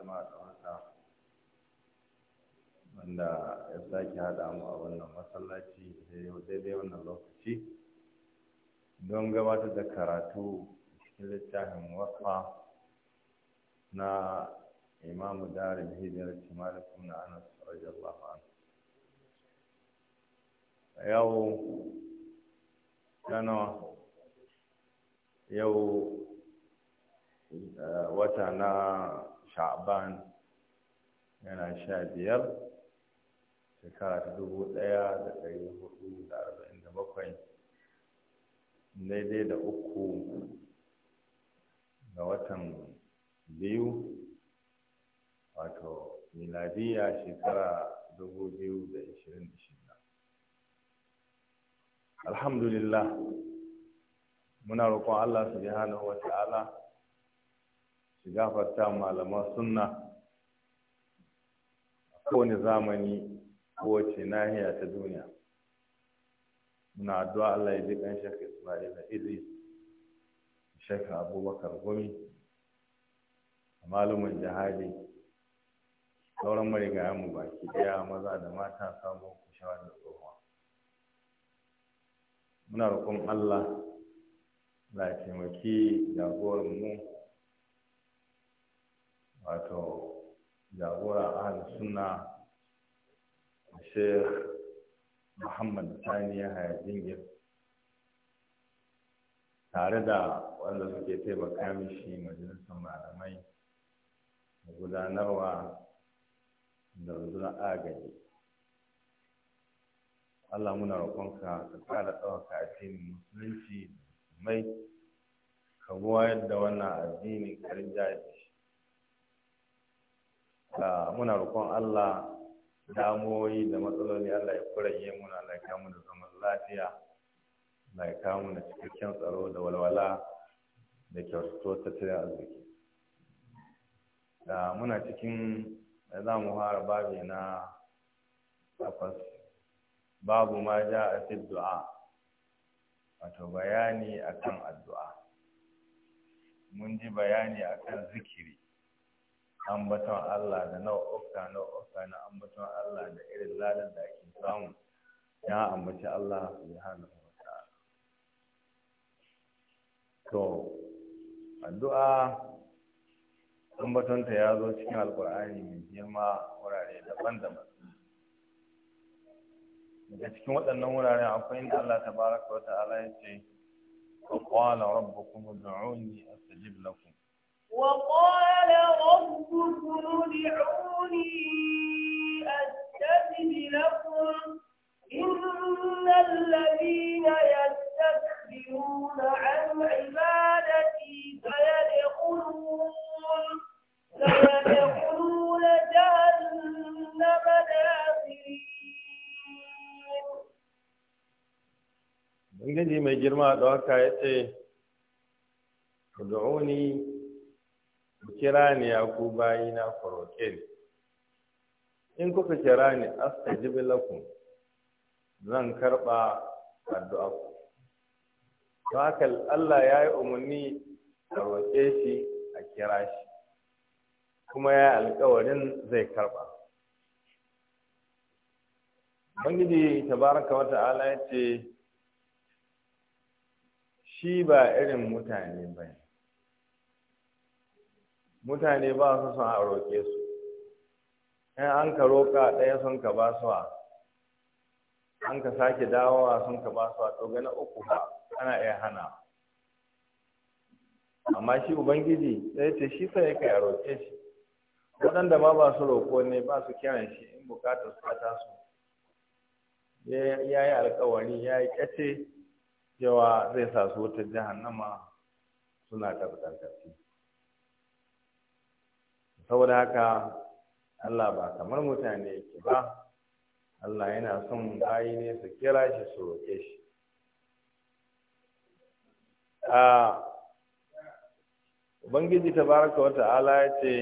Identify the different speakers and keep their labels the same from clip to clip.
Speaker 1: zama a ɗaurata wanda ya sake haɗa mu a wannan masallaci daidai wannan lokaci don gabatar da karatu cikin littafin wasa na imamu darin hijirar malik ibn anas radiyallahu anhu yau tana yau eh, wata na sha'ban yana sha biyar shekara ta dubu ɗaya da ɗari hudu da arba'in da bakwai daidai da uku ga watan biyu wato miladiya shekara dubu biyu da ishirin da shida alhamdulillah muna roƙon allah subhanahu wa ta'ala Shiga gafarta malaman sunna a kowane zamani ko kowace nahiya ta duniya muna addu'a Allah ya ji kan Isma'il da Idris shekka Abubakar Gumi malumin jihadi sauran mu baki daya maza da mata samu kushawa da tsohuwa muna roƙon Allah la taimaki mu wato jagora ahal suna sheikh muhammad sani ya haya jingir tare da wanda suke taimaka mishi majalisar malamai da gudanarwa da rundunar agaji Allah muna roƙonka ka ƙara ɗauka kafin musulunci mai ka yadda da wannan addinin karin jaji Ah, muna roƙon Allah damoyi da matsaloli Allah ya kuranye muna Allah ya kamu da zaman lafiya Allah ya kamu da cikakken tsaro da walwala da kyautatuwar tattalin arziki ah, muna cikin za mu fara babi na takwas babu ma ja a fi du'a wato bayani akan addu'a mun ji bayani akan zikiri ambaton Allah da nawa ofta nawa ofta na ambaton Allah da irin ladan da ake samu ya ambaci Allah subhanahu wa ta'ala to addu'a ambatonta ya zo cikin alkur'ani mai girma wurare daban-daban daga cikin waɗannan wuraren akwai inda Allah tabaraka wa ta'ala ya ce qala rabbukum ud'uni astajib lakum
Speaker 2: وقال ربكم ادعوني أستجب لكم إن الذين يستكبرون عن عبادتي سيدخلون سيدخلون جهنم داخلين.
Speaker 1: Ubangiji mai girma da kira ni ya ku bayina ku roƙe ni in kuka kira ni astajibu lakum zan karɓa addu'a ku haka Allah ya yi umarni a roƙe shi a kira shi kuma ya alƙawarin zai karɓa Ubangiji tabaraka wa ta'ala ya ce shi ba irin mutane ba ne mutane ba su son a roƙe su in an ka roƙa ɗaya sun ka ba su an ka sake dawowa sun ka ba su to na uku ba ana iya hana amma shi ubangiji ya ce shi sai kai a roƙe shi waɗanda ma ba su roƙo ne ba su kiran shi in buƙatar su ta su ya yi alkawari ya yi ƙace cewa zai sa su jihar nama suna tabbatar saboda haka Allah ba kamar mutane yake ba Allah yana son bayi ne su kira shi su roƙe shi Ubangiji baraka wata ala ya ce,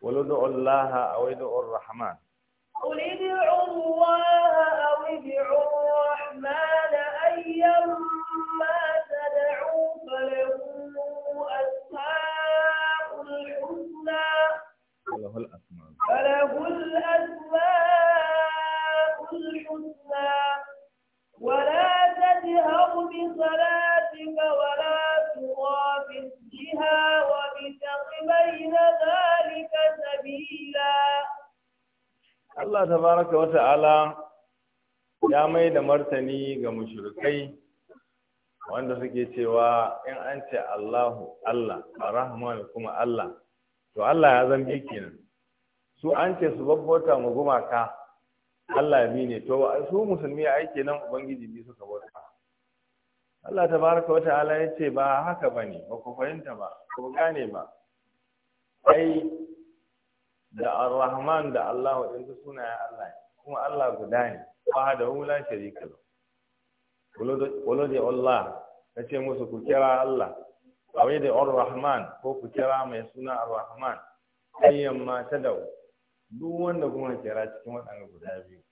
Speaker 1: Waludu'ullaha a waidu'ur Rahman.
Speaker 2: له الأسماء الحسنى ولا تجهر بصلاتك
Speaker 1: Allah tabaraka wa ta'ala ya mai da martani ga mushrikai wanda suke cewa in an ce Allahu Allah ar kuma Allah to Allah ya zambi kenan su an ce su babbauta mu gumaka Allah bi ne to su musulmi ai kenan ubangiji bi suka bauta Allah tabaraka wa ta'ala ya ce ba haka bane ba ku fahimta ba ku gane ba ai da Ar-Rahman da Allah suna ya Allah kuma Allah guda ne ba da hula sharika ba wala da Allah ya ce musu ku kira Allah ba wai da Ar-Rahman ko ku kira mai suna Ar-Rahman ayyamma ma ta dau duk wanda kuma kira cikin waɗanda guda biyu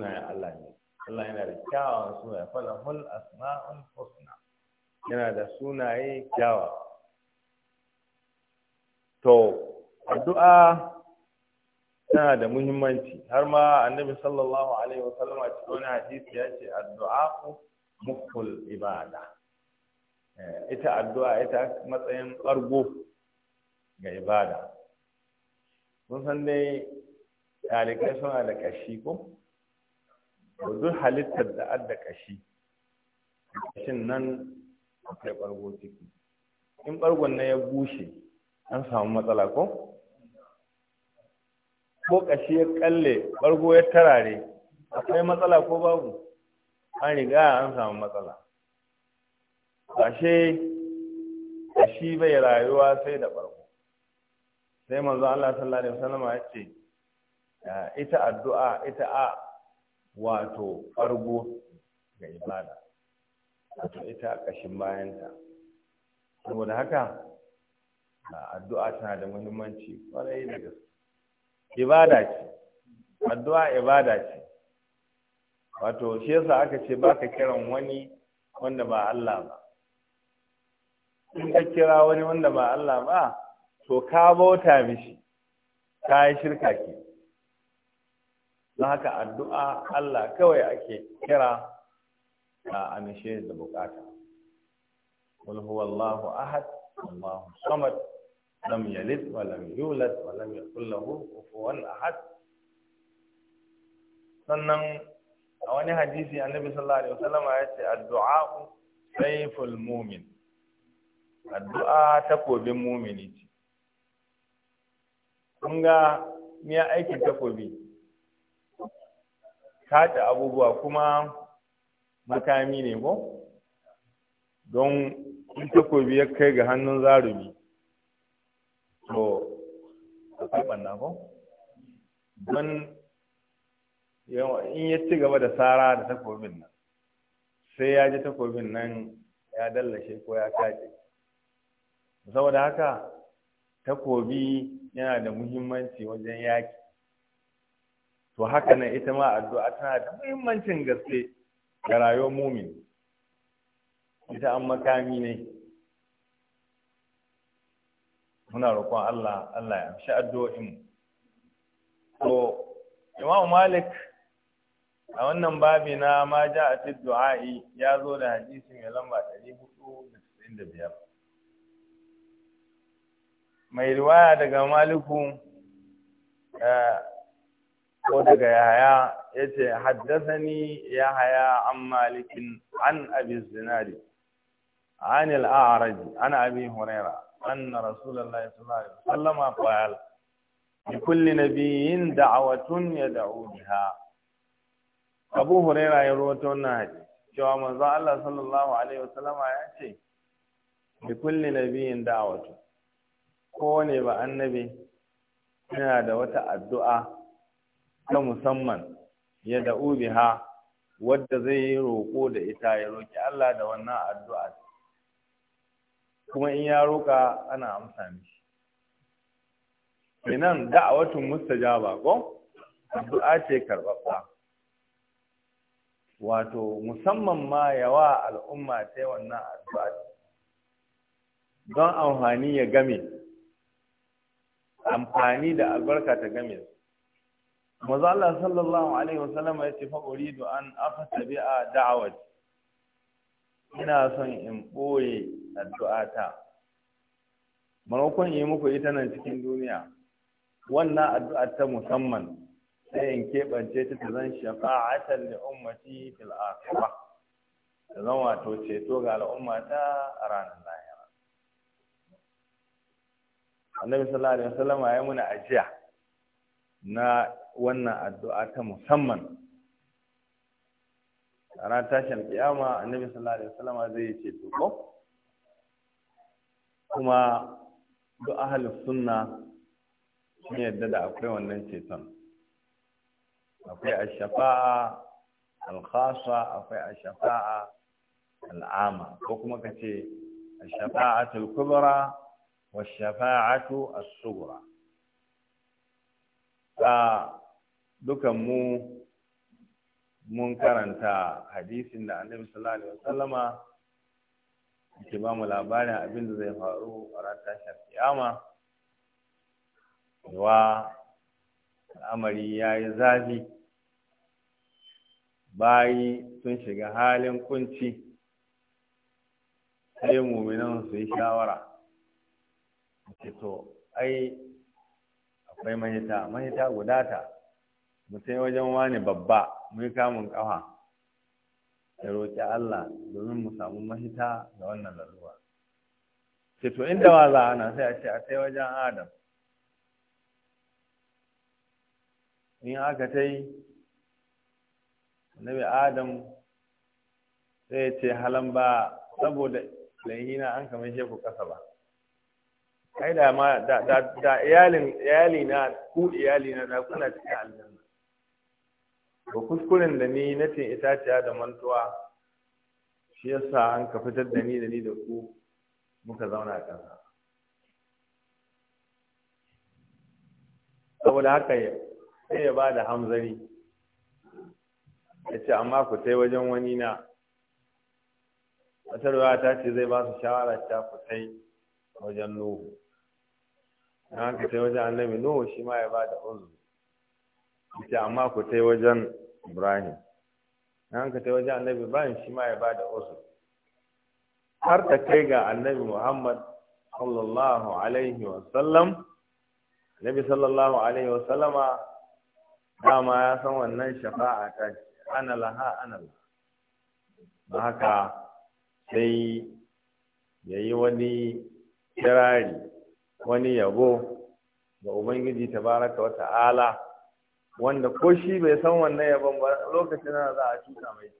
Speaker 1: da ya Allah ne Allah yana da kyawawan sunaye falahul asma'un husna yana da sunaye kyawa to addu'a tana da muhimmanci har ma annabi sallallahu alaihi wasallam a cikin wani hadisi ya ce addu'a mukul ibada eh, ita addu'a ita matsayin ɓargo ga ibada Sun san dai ɗalibai suna da ƙashi ko duk halittar da adda ƙashi ƙashin nan akwai ɓargo ciki in ɓargon na ya bushe an samu matsala ko ko ƙashi ya ƙalle ɓargo ya tarare akwai matsala ko babu an riga an samu matsala ashe ƙashi bai rayuwa sai da ɓargo sai manzo Allah sallallahu alaihi wasallam ya ce ita addu'a ita a wato fargo ga ibada wato ita kashin bayanta saboda haka addu'a tana da muhimmanci kwarai da gaske ibada ce addu'a ibada ce wato shi yasa aka ce baka kiran wani wanda ba Allah ba in ka kira wani wanda ba Allah ba to ka bauta mishi ka yi shirka ke don haka addu'a Allah kawai ake kira a amishe da bukata قل ahad Allahu samad lam yalid wa lam yulad wa lam yakul lahu kufuwan ahad sannan a wani hadisi annabi sallallahu alaihi wasallam ya ce addu'a sayful mu'min addu'a takobin mumini kun ga miya aikin takobi kaɗa abubuwa kuma makami ne ko don in takobi ya kai ga hannun zarumi to akwai ɓanna ko don in ya ci gaba da sara da takobin nan sai ya ji takobin nan ya dallashe ko ya kaɗe saboda haka takobi yana da muhimmanci wajen yaki to haka nan ita ma addu'a tana da muhimmancin gaske ga rayuwar mumin ita an makami ne muna roƙon Allah Allah ya amshi addu'o'in to Imam Malik a wannan babi na ma ja a du'a'i ya zo da hadisi mai lamba 495 mai riwaya daga maliku eh, ko daga yahaya ya ce haddasani yahaya an malikin an abi zinari an al'araj an abi huraira anna rasulullahi sallallahu alaihi wasallam qala li kulli nabiyyin da'watun yad'u biha abu huraira ya rawaito wannan hadisi cewa manzo Allah sallallahu alaihi wasallam ya ce li kulli nabiyyin da'watun kowane ba annabi yana da wata addu'a ta musamman ya da'u biha wadda zai yi roƙo da ita ya roƙi Allah da wannan addu'a kuma in ya roƙa ana amsa mishi kenan da'awatun ba ko addu'a ce karɓaɓɓa wato musamman ma yawa al'umma ta wannan addu'a don amfani ya game amfani da albarka ta game maza Allah sallallahu alaihi wasallam ya ce fa uridu an aftabi'a da'awat ina son in boye addu'ata maimakon yi muku ita nan cikin duniya wannan addu'a ta musamman sai in keɓance ta ta zan shafa'atan li ummati fil akhirah ta zan wato ceto ga al'ummata a ranar annabi sallallahu alaihi wasallam ya muna ajiya na wannan addu'a ta musamman a tashin kiyama annabi sallallahu alaihi wasallam zai ce to ko kuma duk ahlus sunna sun yadda da akwai wannan ceton akwai ash-shafa'a al akwai ash-shafa'a al-ama ko kuma kace ash al-kubra washafa'atu as-sughra dukan mu mun karanta hadisin da annabi sallallahu alaihi wasallama yake ba mu labarin abin da zai faru a ranar tashar kiyama wa al'amari ya yi zafi bayi sun shiga halin kunci sai muminan su yi shawara to ai akwai mahita mahita ta mutai wajen wani babba mun kamun kafa ya roƙi Allah domin mu samu mahita ga wannan lalura ce to inda wa za ana sai a ce a sai wajen adam in aka ta yi annabi adam sai ya ce halan ba saboda laihina an kamar sheku ƙasa ba ai da ma da da da iyalin iyali na ku iyali na da kuna cikin aljanna ba kuskuren da ni na cin itaciya da mantuwa shi yasa an ka fitar da ni da ni da ku muka zauna a ƙasa saboda haka sai ya ba da hamzari ya ce amma ku sai wajen wani na wata ruwa ta ce zai ba su shawara ta ku sai wajen nuhu na haka ta wajen annabi nuhu shi ma ya ba da uzuri ita amma ku ta wajen ibrahim na haka ta wajen annabi ibrahim shi ma ya ba da uzuri har ta kai ga annabi muhammad sallallahu alaihi wasallam annabi sallallahu alaihi wasallama dama ya san wannan shafa'a ta ana laha ana laha ba haka sai ya yi wani kirari wani yabo ga ubangiji tabaraka wa ta'ala wanda ko shi bai san wannan yabon ba lokacin da za a cuta mai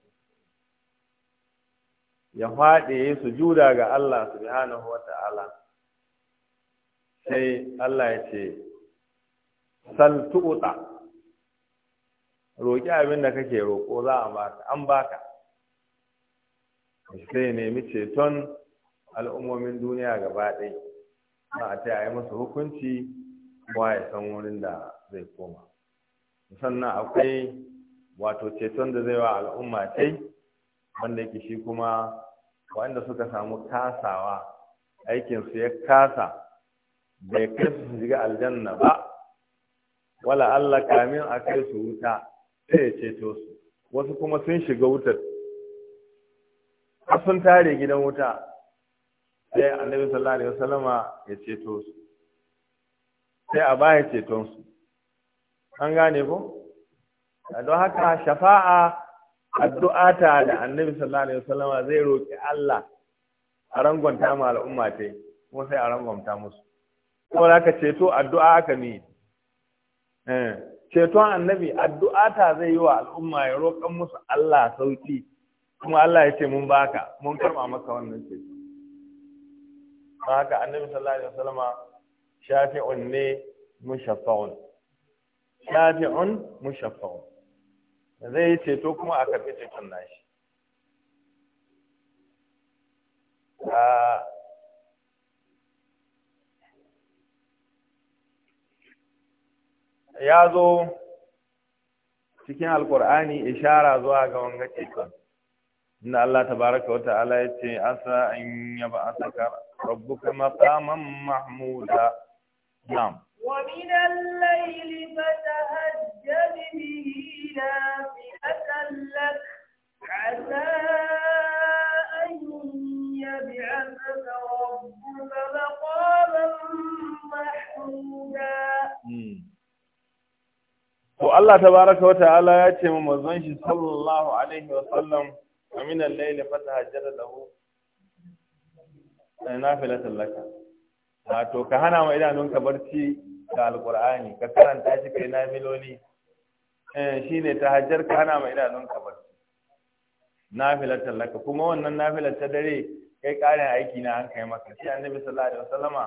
Speaker 1: ya faɗi ya yi sujuda ga Allah subhanahu wa ta'ala sai Allah ya ce sal tuɓuɗa roƙi abin da kake roƙo za a baka an baka sai nemi ceton al'ummomin duniya gaba ɗaya za a taya yi masa hukunci kowa ya san wurin da zai koma sannan akwai wato ceton da zai wa al'umma tai wanda yake shi kuma wanda suka samu kasawa aikinsu ya kasa bai kai su shiga aljanna ba wala Allah kamin a kai su wuta sai ya ceto su wasu kuma sun shiga wutar sun tare gidan wuta sai annabi sallallahu alaihi wasallama ya ceto su sai a baya ceton su an gane ko don haka shafa'a addu'ata da annabi sallallahu alaihi wasallama zai roki Allah a rangwanta ma al'umma ta kuma sai a rangwanta musu kuma da aka ceto addu'a aka mi eh, ceton annabi addu'ata zai yi wa al'umma ya roƙan musu Allah sauki kuma Allah ya ce mun baka mun karɓa maka wannan ceto ba haka annabi sallallahu alaihi wasallam shafi'un ne mushaffa'un shafi'un mushaffa'un zai yi ceto kuma a karfe ceton nashi ya zo cikin alkur'ani ishara zuwa ga wanga ceton inda Allah tabaraka wa ta'ala ya ce asa an yaba asaka ربك مقاما محمودا نعم
Speaker 2: ومن الليل فتهجد به نافئة لك عسى أن يبعثك ربك مقاما محمودا
Speaker 1: To Allah tabaraka wa ta'ala ya ce mu manzon shi sallallahu alaihi wa sallam aminal layli fatahajjada lahu Eh, na filatan laka wato ka hana ma idanunka barci da alkur'ani ka karanta shi kai na miloni eh, shi ne ta hajjar ka hana ma idanunka barci na filatan laka kuma wannan na ta dare kai karin aiki na an kai maka shi annabi sallallahu alaihi wasallama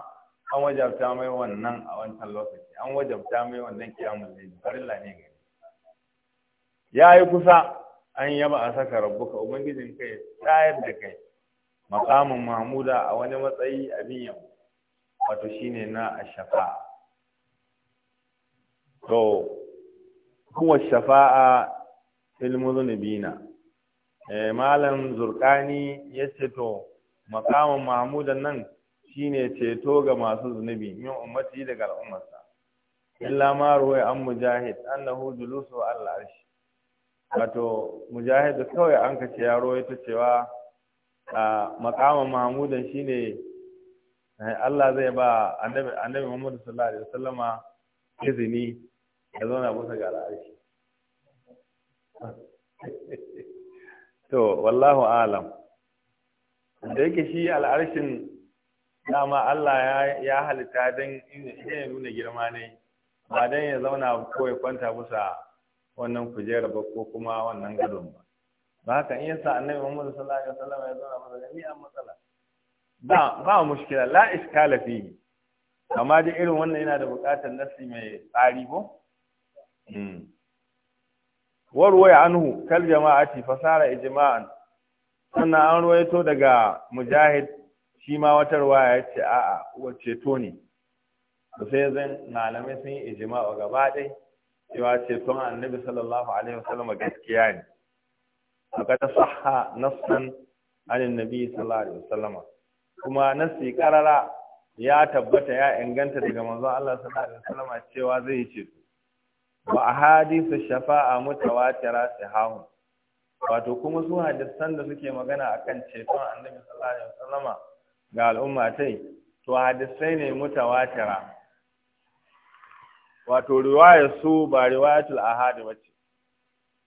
Speaker 1: an wajabta mai wannan a wancan lokaci an wajabta mai wannan kiyamun laili farilla ne gari ya yi kusa an yaba a saka rabbuka ubangijin kai tayar da kai maqamin mahmuda a wani matsayi abin yabo wato shine na ashafa to huwa shafa'a fil muzunubina eh malam zurkani yace to maqamin Mahmuda nan shine ceto ga masu zunubi min ummati daga al'ummarsa illa ma ruwai an mujahid annahu julusu al arshi wato mujahid kawai an kace ya ruwaito cewa makaman mahamudan shine eh, Allah zai ba annabi annabi Muhammad sallallahu alaihi wasallama izini ya zauna bisa ga al'arshi to wallahu alam da yake shi al'arshin dama Allah ya halitta don ya nuna girma ne
Speaker 2: ba don ya zauna ko
Speaker 1: ya kwanta bisa wannan kujera ba ko kuma wannan gadon ba ba haka in yasa annabi Muhammad sallallahu alaihi wasallam ya zauna masa da ni'an matsala ba ba mushkila la iskala fihi amma dai irin wannan yana da buƙatar nasi mai tsari ko hmm. warwaya anhu kal jama'ati fasara ijma'an sannan an ruwaito daga mujahid shi ma wata ruwaya ya ce a'a wace to ne sai zan malamai sun yi ijma'a gaba ɗaya cewa ceton annabi sallallahu alaihi wasallam gaskiya ne faqad sahha nassan anin nabi sallallahu alaihi wasallama kuma nassi karara ya tabbata ya inganta daga manzon Allah sallallahu alaihi wasallama cewa zai ce wa ahadithu shafa'a mutawatira sahahu wato kuma su hadisan da suke magana akan ceton annabi sallallahu alaihi wasallama ga al'umma tai to hadisai ne mutawatira wato riwaya su ba riwayatul ahad bace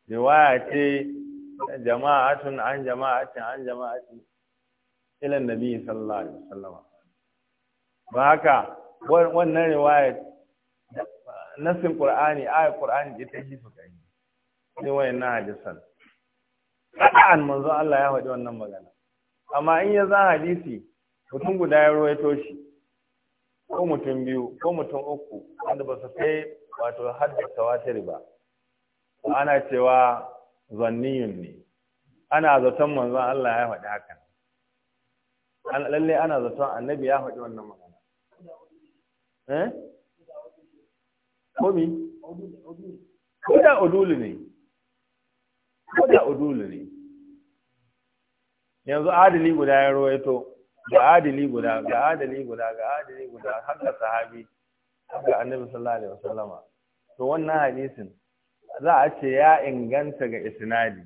Speaker 1: riwaya ce jama'atun an jama'atin an jama'atin ilan nabi sallallahu alaihi wasallam ba haka wannan riwaya nasin qur'ani ayat qur'ani ita shi su kai sai wayannan hadisan an manzo Allah ya faɗi wannan magana amma in ya za hadisi mutum guda ya ruwaito shi ko mutum biyu ko mutum uku wanda ba su kai wato haddasa wata riba ana cewa zanniyun ne ana zaton manzon Allah ya faɗi hakan lalle ana zaton annabi ya faɗi wannan magana eh komi ko da udulu ne ko da udulu ne yanzu adali guda ya rawaito ga adali guda ga adali guda ga adali guda har ga sahabi ga annabi sallallahu alaihi wasallama to wannan hadisin za a ce ya inganta ga isnadi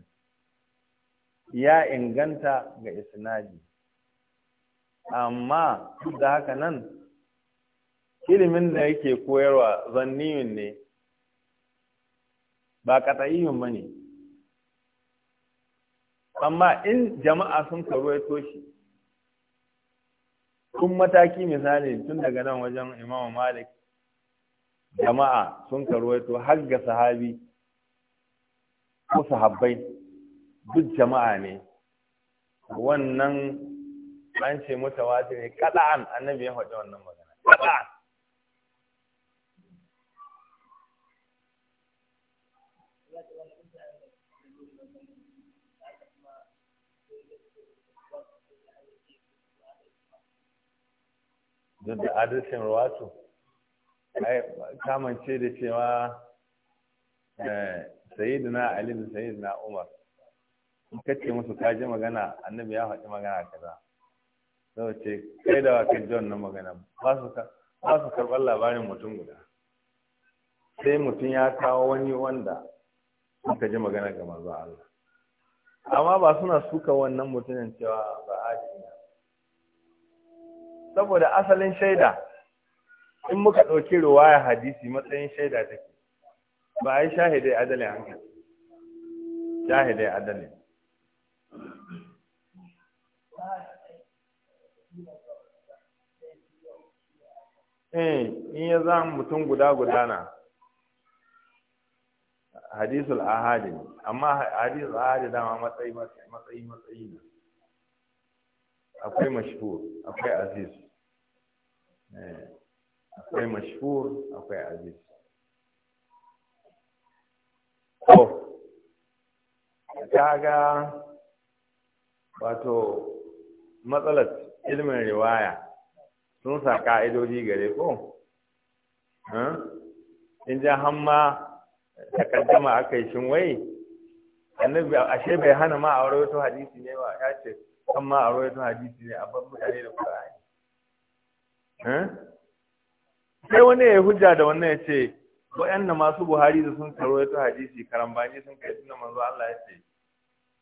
Speaker 1: ya inganta ga isnadi amma da haka nan ilimin da yake koyarwa zanniyun ne ba kata'iyun ba ne amma in jama'a sun karwaito shi kun mataki misali tun daga nan wajen imamu malik jama'a sun karwaito har ga sahabi ko sahabbai duk jama'a ne wannan an ce wata ne kada'an annabi ya faɗi wannan magana kada'an duk da adalcin ruwatu kamance da cewa eh, sayyidina ali da sayyidina umar in ce musu ka ji magana annabi ya faɗi magana kaza sai wace kai da wa kai na magana ba su ba su karɓar labarin mutum guda sai mutum ya kawo wani wanda suka ji magana ga manzo Allah amma ba suna suka wannan mutumin cewa ba adina saboda asalin shaida in muka ɗauki ruwaya hadisi matsayin shaida take ba a yi shahidai adalin hankali shahidai adalin eh in ya za mutum guda guda na hadisul ahadi amma hadisul ahadi dama matsayi matsayi matsayi ne akwai mashhur akwai aziz eh, akwai mashhur akwai aziz to kaga wato matsalar ilmin riwaya sun sa ka'idoji gare ko in ja hamma takaddama aka yi shin wai annabi ashe bai hana ma a rawaito hadisi ne ba ya ce kan ma a rawaito hadisi ne a ban mutane da qur'ani sai wani ya hujja da wannan ya ce da masu buhari da sun karo ya ta hadisi karambani sun kai suna manzo Allah ya ce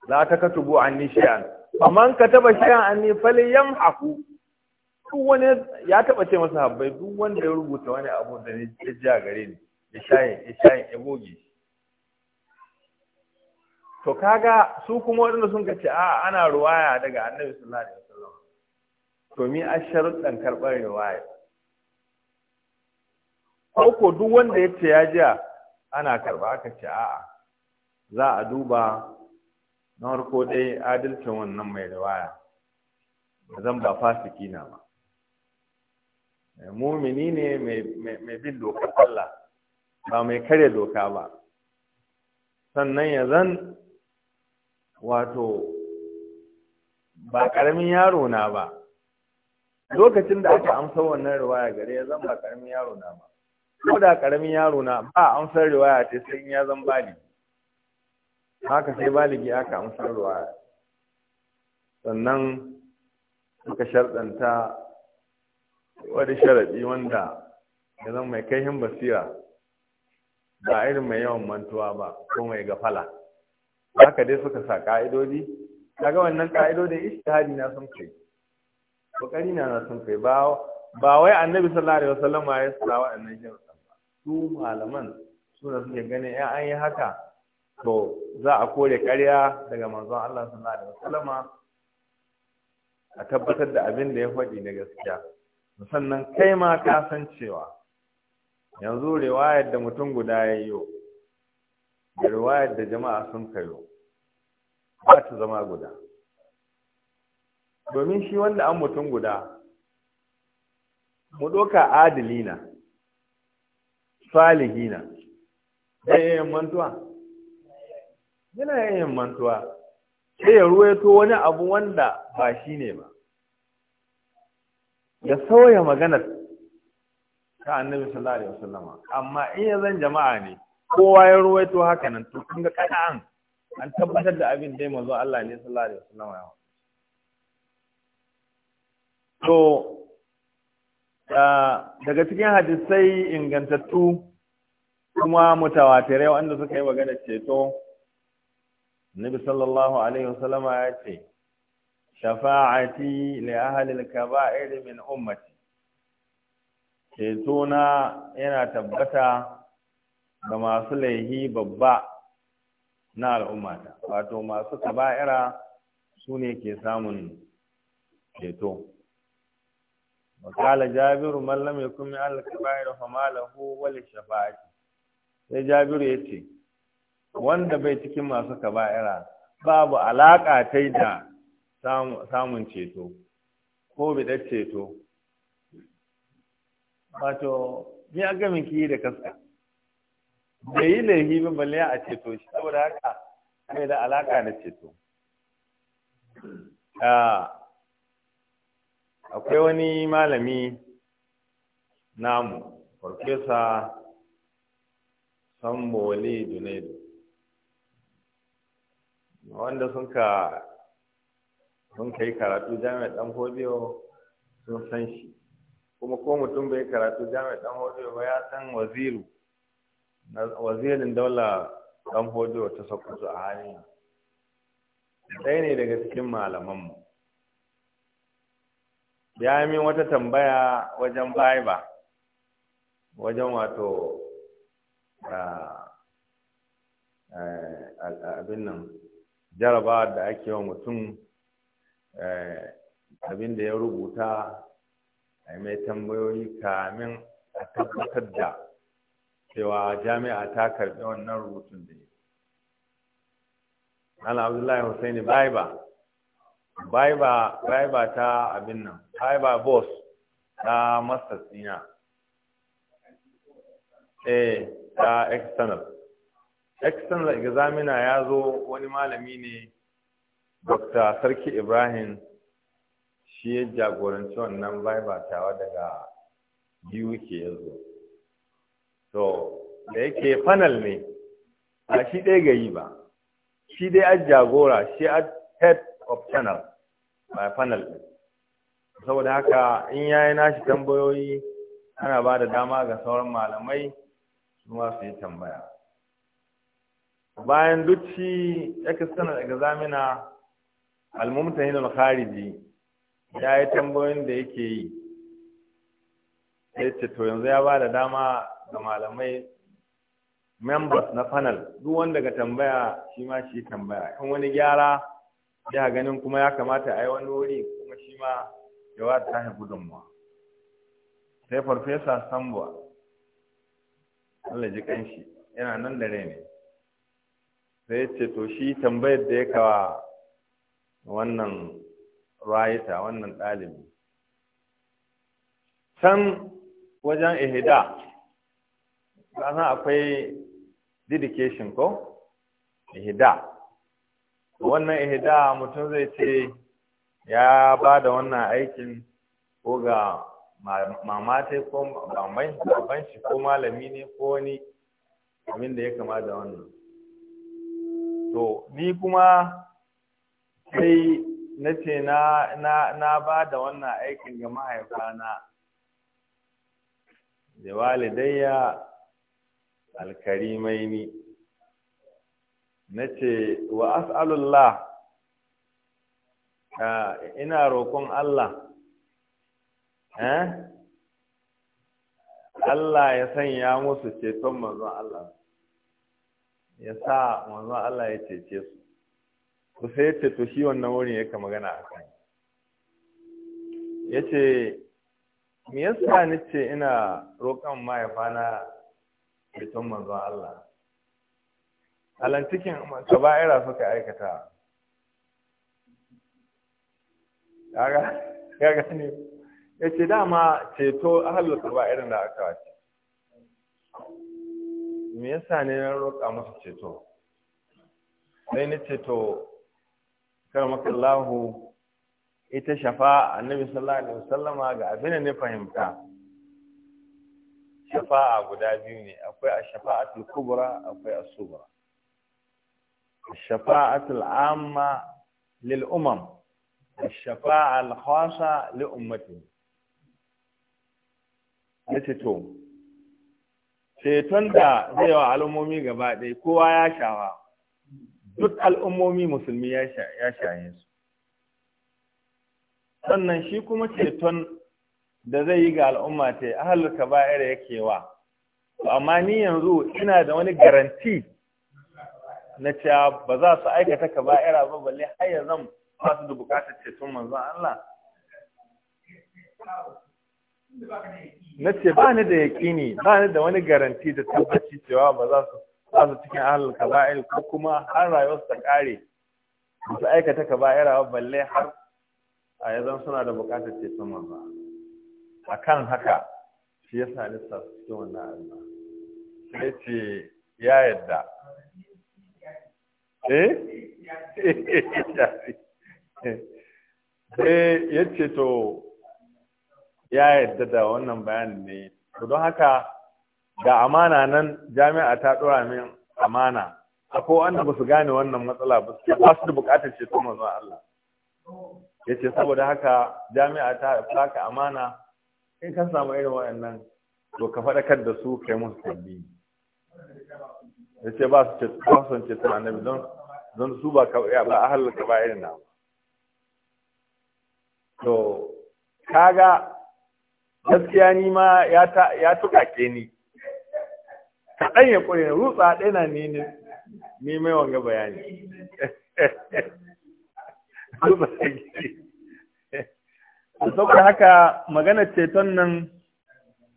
Speaker 1: la ta katubu anni shay'an faman kataba shay'an anni falyamhaku duk wani ya taba ce masa habbai duk wanda ya rubuta wani abu da ne ya ja gare ni ya shayin ya shayin ya goge to kaga su kuma waɗanda sun kace a ana ruwaya daga annabi sallallahu alaihi wasallam to mi asharuɗan karɓar riwaya ko duk wanda ya ce ya jiya ana karba aka ce a'a za a duba na harko dai adalcin wannan mai riwaya zan ba fasiki na ba eh, mumini ne mai bin dokar Allah ba mai karya doka ba sannan ya zan wato ba ƙaramin yaro na ba lokacin da aka amsa wannan riwaya gare ya zan ba ƙaramin yaro na ba ko da karamin yaro na ba an san riwaya ta sai in ya zan baligi haka sai baligi aka an san riwaya sannan suka sharɗanta wani sharaɗi wanda ya zan mai kaihin basira ba irin mai yawan mantuwa ba ko mai gafala haka dai suka sa ƙa'idodi kaga wannan ƙa'idodin ishtihadi na sun kai ƙoƙari na sun kai ba wai annabi sallallahu alaihi wasallam ya sa wa'annan shirin su malaman suna suke ganin ya an yi haka to za a kore karya daga manzon Allah sallallahu alaihi wasallam a tabbatar da abin da ya faɗi na gaskiya sannan kai ma ka san cewa yanzu riwayar da mutum guda ya yi da riwayar da jama'a sun kayo ba ta zama guda domin shi wanda an mutum guda mu ɗauka adili salihina yayin iya yin mantuwa yana iya yin mantuwa sai ya ruwaito wani abu wanda ba shi ne ba ya sauya maganar ta annabi sallallahu alaihi wasallam amma in ya zan jama'a ne kowa ya ruwaito haka nan to kun ga kana'an an tabbatar da abin ya manzo Allah ne sallallahu alaihi wasallam ya to Ah, daga cikin hadisai ingantattu kuma mutawatirai wanda suka yi magana ceto Nabi sallallahu alaihi wasallam ya ce shafa'ati li ahli al-kaba'ir min ummati ceto na yana tabbata ga masu laihi babba na al'ummata wato masu kaba'ira sune ke samun ceto وقال جابر من لم يكن من أهل الكبائر فما له وللشفاعة sai jabiru ya ce wanda bai cikin masu kaba'ira babu alaƙa ta da samun ceto ko bidar ceto wato ni a gamin kiyi da kaska bai yi laifi ba a ceto shi saboda haka mai da alaƙa da ceto akwai wani malami namu farfesa sambole junaidu wanda sun ka sun ka yi karatu jami'ar dan hodiyo sun san shi kuma ko mutum bai karatu jami'ar dan hodiyo ba ya san waziru wazirin daula dan hodiyo ta sokoto a halin ɗaya ne daga cikin malamanmu ya yi min wata tambaya wajen Bible wajen wato abin nan jaraba da ake wa mutum abin da ya rubuta a mai tambayoyi kamin a tabbatar da cewa jami'a ta karbi wannan rubutun da ya ana abdullahi hussaini baiba baiba ta abin nan Fiber Boss na master dina. Eh, ta external. External examiner ya zo wani malami ne Dr. Sarki Ibrahim shi ya jagoranci wannan Viber tawa daga BUK ya zo. so da yake panel ne, a shi ɗaya ga yi ba, shi dai a jagora, shi a head of channel, ba panel ɗin. saboda haka in ya yi nashi tambayoyi ana ba da dama ga sauran malamai su ma su yi tambaya bayan duk shi external examiner al-mumtahin al-khariji ya yi tambayoyin da yake yi ya to yanzu ya ba da dama ga malamai members na panel duk wanda ga tambaya shi ma shi tambaya in wani gyara ya ganin kuma ya kamata a yi wani wuri kuma shi ma ya ta tashi gudunmuwa sai farfesa sambuwa Allah kanshi yana nan da rai ne sai ce to shi tambayar da ya kawa wannan rayita wannan ɗalibi can wajen ihida ƙasa akwai dedication ko ihida wannan ihida mutum zai ce ya ba da wannan aikin ko ga mamatai ko baban shi ko malami ne ko wani abin da ya kama da wannan to ni kuma sai na ce na ba da wannan aikin ga mahaifana da walidayya alkarimaini na ce wa as'alullah Ah, ina roƙon Allah eh Allah ya sanya musu ceton manzon Allah ya sa manzon Allah ya cece su Ku sai ya ce to shi wannan wurin yake magana a kan ya ce me yasa ni ce ina roƙon mahaifana ceton manzon Allah alantikin kaba'ira suka aikata ya gane ya ce dama ceto ahalu ba irin da aka wace me yasa ne na roƙa musu ceto sai ni ceto karmakallahu ita shafa annabi sallallahu alaihi wasallama ga abin da ne fahimta shafa'a guda biyu ne akwai a shafaatul kubra akwai A sughra ash-shafa'atul amma lil umam الشفاعة الخاصة لأمته yace to ceton da zai wa al'ummomi gaba ɗaya kowa ya shawa duk al'ummomi musulmi ya shaye su sannan shi kuma ceton da zai yi ga al'umma ta ahalar kaba'ira yake wa amma ni yanzu ina da wani garanti na cewa ba za su aikata kaba'ira ba balle har ya zama ba su da bukatar ceton manzon Allah na ce ba ni da yaƙini ba ni da wani garanti da tabbaci cewa ba za su za su cikin ahlul kaba'ir ko kuma har rayuwarsu ta kare ba su aikata kaba'ira ba balle har a yanzu suna da bukatar ceton manzon a kan haka shi ya sa lissa su cikin wannan arna sai ce ya yadda eh sai eh, eh, ya ce to ya yadda da wannan bayanin ne to don haka ga amana nan jami'a ta ɗora min amana ko wanda ba su gane wannan matsala ba su ba su da bukatar ce tun manzon Allah ya ce saboda haka jami'a ta baka amana in kan samu irin waɗannan to ka faɗa kan da su kai musu tabbi ya ce ba su ce tun annabi don su ba ka ba a halaka ba irin namu to kaga gaskiya ni ma ya ta tukake ni kaɗan ya ƙure na rutsa ɗaya na ni ni mai wanga bayani saboda haka magana ceton nan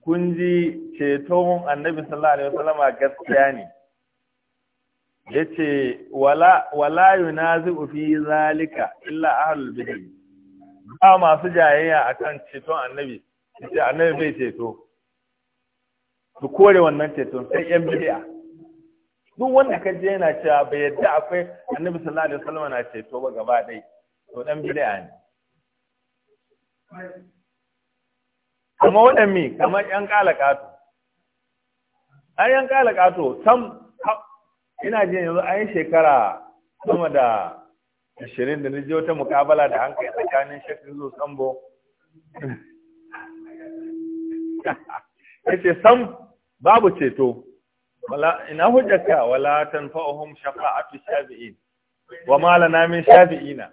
Speaker 1: kun ji ceton annabi sallallahu alaihi wasallam gaskiya ne yace wala wala yunazi fi zalika illa ahlul bid'ah ba masu jayayya akan ceton annabi ce annabi bai ceto su kore wannan ceton sai yan bidiya duk wanda ka je yana cewa bai yadda akwai annabi sallallahu alaihi wasallam na ceto ba gaba dai to dan bidiya ne Kama wadan mi kamar yan kalakato An yan kalakato sam ina jin yanzu yin shekara sama da ashirin da nije wata mukabala da hankali tsakanin shakin zo sambo ya ce sam babu ceto ina hujjaka wala tan tanfa'uhum shafa'atu shafi'in wa ma lana min shafi'ina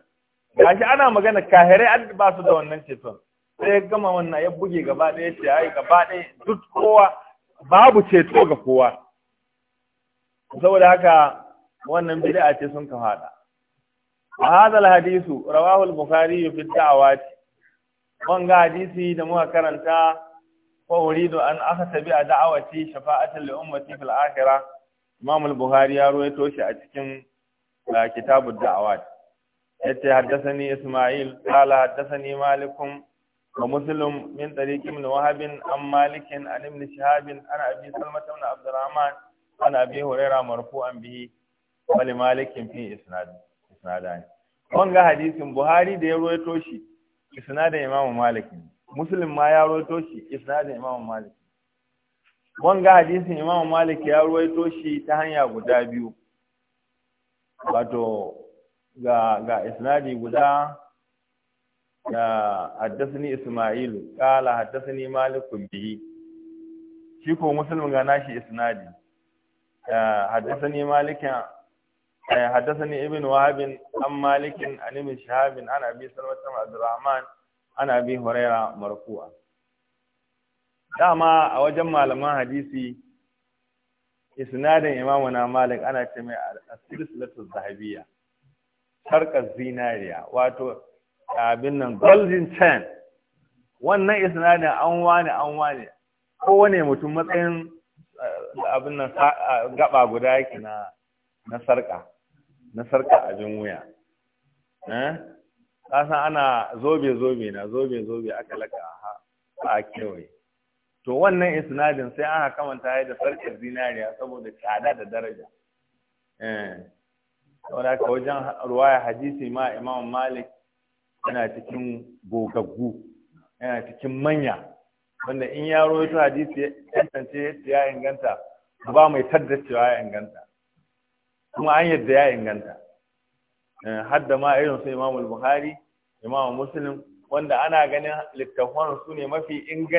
Speaker 1: gashi ana magana kahirai an ba su da wannan ceton sai ya gama wannan ya buge gaba ɗaya ce ai gaba ɗaya duk kowa babu ceto ga kowa saboda haka wannan bid'a ce sun ka fada وهذا الحديث رواه البخاري في الدعوات من حديثي da muka karanta wa uridu an bi a da'awati shafa'atan li ummati fil akhirah Imam al-Bukhari ya ruwaito shi a cikin uh, kitabud da'awat yace haddathani Isma'il qala haddathani Malikum wa Muslim min tariq ibn Wahab an Malik an ibn Shihab an Abi Salmah ibn Abdurrahman an Abi Hurairah marfu'an bihi wa li Malik fi isnadani ga hadisin Buhari da ya rawaito shi isnadin Imam Malik ne Muslim ma ya rawaito shi isnadin Imam Malik ga hadisin Imam Malik ya rawaito shi ta hanya guda biyu wato ga ga isnadi guda حدثني isma'il qala حدثني malik bihi shi ko muslim ga nashi isnadi حدثني eh, Malik. حدثني ابن وهب عن مالك عن ابن شهاب عن ابي سلمة عبد الرحمن عن ابي هريره مرفوعا dama a wajen malaman hadisi isnadin imamuna malik ana ce mai silsilatu zahabiya, sarkar zinariya wato abin nan golden chain wannan isnadin an wani an wani kowane mutum matsayin eh, abin nan eh, gaba guda yake na na sarka na sarka abin wuya ƙasa eh? ana zobe-zobe na zobe-zobe aka laka a kewaye to wannan isnadin sai aka kamanta ya da sarkar zinariya saboda tsada da daraja eh. saboda ka wajen ruwaya hadisi ma imam malik yana cikin gogaggu yana cikin manya wanda in yaro ya hadisi ya inganta ya inganta ba mai taddacewa ya inganta kuma an yadda ya inganta eh, har da ma irin su Imam Bukhari Imam Muslim wanda ana ganin littafan su ne mafi inganci